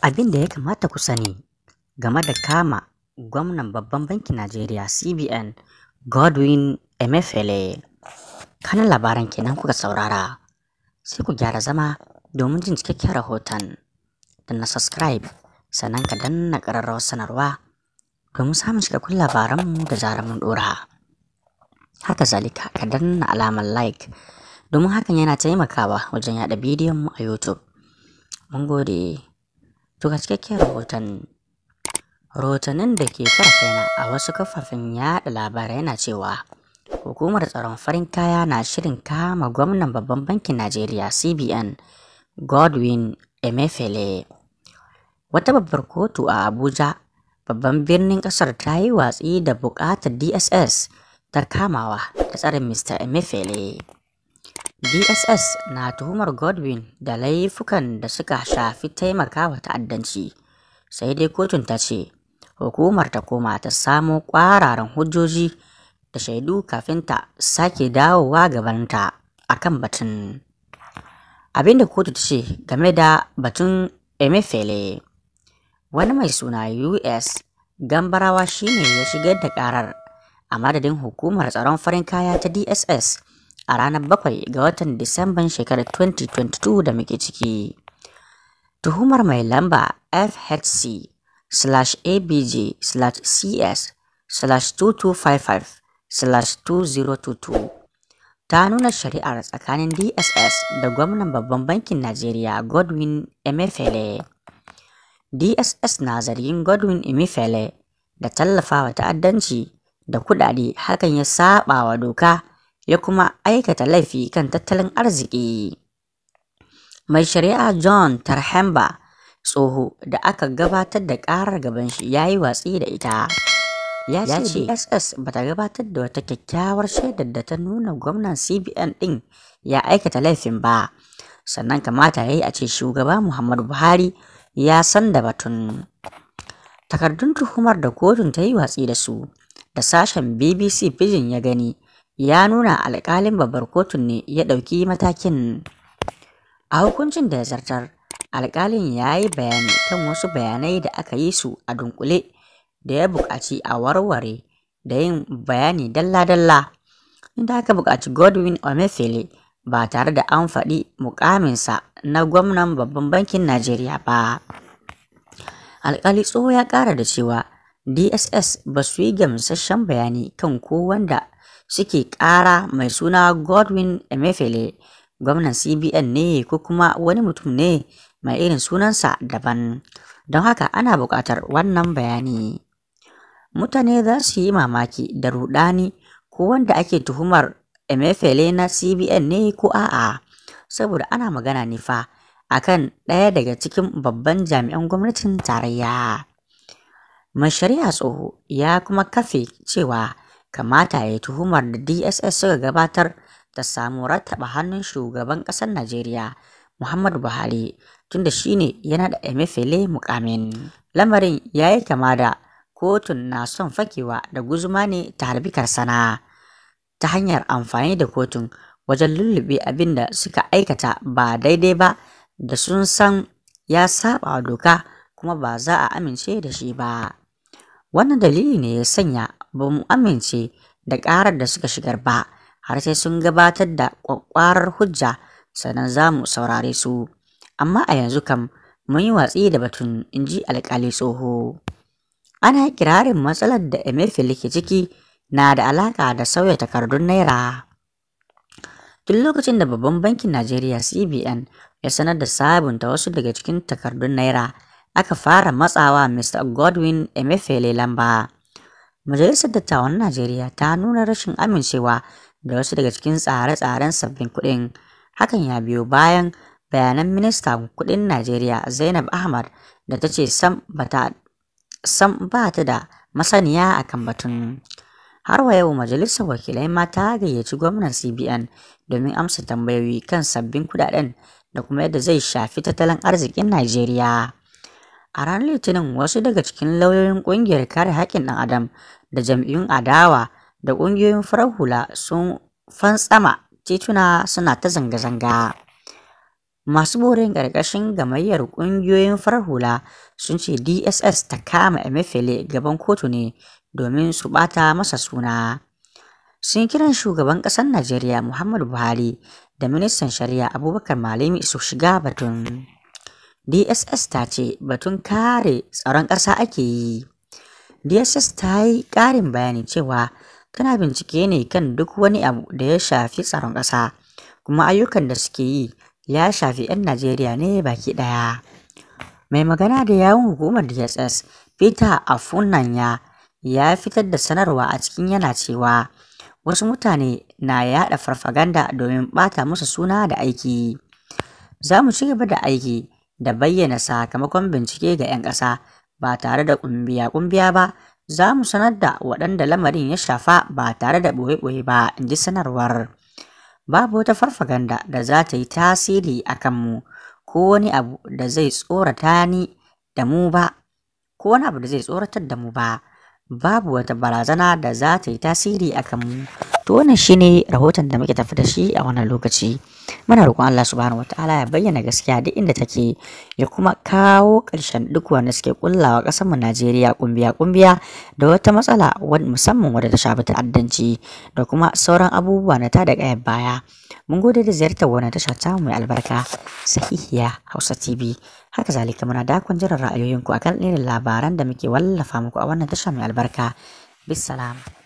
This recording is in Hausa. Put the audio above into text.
Abin da ya kamata ku sani game da kama Gwamnan Babban Bankin Najeriya CBN Godwin Emefiele. Kanan labaran kenan kuka saurara. Sai ku gyara zama domin jin cikakken rahoton. da na subscribe sannan ka danna ƙararrawar sanarwa domin samun cikakkun labaranmu da zarar mun ɗora. Haka zalika ka danna alamar like domin hakan yana taimakawa wajen yaɗa bidiyon mu a YouTube. Mun gode. To ga cikakken rahoton rahotannin da ke kaina a wasu kafafen yaɗa labarai yana cewa hukumar tsaron farin kaya na shirin kama gwamnan babban bankin Najeriya CBN Godwin Emefele. Wata babbar kotu a Abuja babban birnin kasar ta yi watsi da bukatar DSS ta kamawa da tsarin Mr. Emefele. dss na tuhumar godwin da laifukan da suka shafi taimakawa ta'addanci sai dai kotun ta ce hukumar ta koma ta samo kwararan hujjoji da shaidu kafin ta sake dawowa gabanta a kan batun abinda kotu ta ce game da batun emefele wani mai suna us gambarawa shine ya shigar da ƙarar, a madadin hukumar tsaron farin kaya ta dss a ranar 7 ga watan Disamban shekarar 2022 da muke ciki. Tuhumar mai lamba FHC slash ABJ slash CS slash 2255 slash 2022 ta nuna shari'ar tsakanin DSS da gwamnan babban bankin Najeriya Godwin Emefele. DSS na zargin Godwin Emefele, da tallafawa ta'addanci da kudade hakan ya saba wa doka ya kuma aikata laifi kan tattalin arziki. Mai shari'a John Tarhemba tsoho da aka gabatar da ƙarar gaban shi ya yi watsi da ita. Ya ce SS ba ta gabatar da wata kyakkyawar shaidar da ta nuna gwamnan CBN ɗin ya aikata laifin ba, sannan kamata ya yi a ce shugaba Muhammadu Buhari ya san da batun. Takardun tuhumar da kotun ta yi watsi da su, da sashen BBC Pidgin ya gani ya nuna alkalin babbar kotun ne ya ɗauki matakin a hukuncin da ya zartar alkalin ya yi bayani kan wasu bayanai da aka yi su a dunkule da ya buƙaci a warware da yin bayani dalla-dalla inda aka buƙaci godwin omefele ba tare da an faɗi mukaminsa na gwamnan babban bankin najeriya ba alƙali tsoho ya ƙara da cewa dss ba su yi gamsasshen bayani kan kowanda. suke ƙara mai suna Godwin Emefiele gwamnan CBN ne ko kuma wani mutum ne mai irin sunansa daban don haka ana buƙatar wannan bayani. Mutane za su yi mamaki da rudani ko wanda ake tuhumar Emefiele na CBN ne ko a'a saboda ana magana nifa fa kan ɗaya daga cikin babban jami'an gwamnatin tarayya. Mai shari'a tsoho ya kuma kafe cewa kamata ya yi tuhumar da DSS suka gabatar ta samu rattaba hannun shugaban ƙasar Najeriya Muhammadu Buhari tunda shine yana da Emefiele mukamin. Lamarin ya yi kama da kotun na son fakewa da guzuma ne ta harbikar sana, ta hanyar amfani da kotun wajen lullube abin da suka aikata ba daidai ba da sun san ya saba doka kuma ba za a amince da shi ba. Wannan dalili ne ya sanya ba mu amince da ƙarar da suka shigar ba har sai sun gabatar da ƙwaƙƙwarar hujja sannan za mu saurare su amma a yanzu kam mun yi watsi da batun in ji alƙali tsoho ana kirarin matsalar da emefiele ke ciki na da alaƙa da sauya takardun naira tun lokacin da babban bankin najeriya cbn ya sanar da sabunta wasu daga cikin takardun naira aka fara matsawa mr godwin emefiele lamba Majalisar Dattawan Najeriya ta nuna rashin amincewa da wasu daga cikin tsare-tsaren sabbin kuɗin. Hakan ya biyo bayan bayanan Minista Kuɗin Najeriya Zainab Ahmad da ta ce sam ba ta da masaniya a kan batun. Har wa yau Majalisar Wakilai ma ta gayyaci gwamnan CBN domin amsa tambayoyi kan sabbin kuɗaɗen da kuma yadda zai shafi tattalin arzikin Najeriya. A ranar Litinin, wasu daga cikin lauyoyin ƙungiyar Kare Haƙƙin ɗan Adam da jam'iyyun adawa da ƙungiyoyin farar hula sun fantsama tituna suna ta zanga-zanga. Masu borin ƙarƙashin gamayyar ƙungiyoyin farar hula sun ce DSS ta kama Emefiele gaban kotu ne domin su ɓata masa suna. Sun kiran shugaban ƙasar Najeriya Muhammadu Buhari da ministan shari'a Abubakar Malami su shiga batun. DSS ta ce batun kare tsaron ƙasa ake yi. DSS ta yi ƙarin bayani cewa tana bincike ne kan duk wani abu da ya shafi tsaron ƙasa, kuma ayyukan da suke yi ya shafi 'yan Najeriya ne baki ɗaya. Mai magana da yawun hukumar DSS, Peter Afunanya, ya fitar da sanarwa a cikin yana cewa wasu mutane na yaɗa farfaganda domin ɓata musu suna da aiki. Za mu ci gaba da aiki da bayyana sakamakon bincike ga 'yan ƙasa ba tare da ƙumbiya-ƙumbiya ba za mu sanar da waɗanda lamarin ya shafa ba tare da ɓoye-ɓoye ba in ji sanarwar babu wata farfaganda da za ta yi tasiri a kanmu ko wani abu da zai tsorata ni da mu ba ko wani abu da zai tsoratar da mu ba babu wata barazana da za ta yi tasiri a kanmu to wannan shine rahoton da muke tafi da shi a wannan lokaci muna roƙon Allah subhanahu wataala ya bayyana gaskiya duk inda take ya kuma kawo ƙarshen duk wanda suke kullawa ƙasar mu Najeriya kumbiya kumbiya da wata matsala musamman wadda ta shafi ta'addanci da kuma sauran abubuwa na ta da ƙaya baya mun gode da ziyartar wannan tasha ta mai albarka sahihiya Hausa TV haka zalika muna dakon jira ra'ayoyinku akan irin labaran da muke wallafa muku a wannan tasha mai albarka bisalam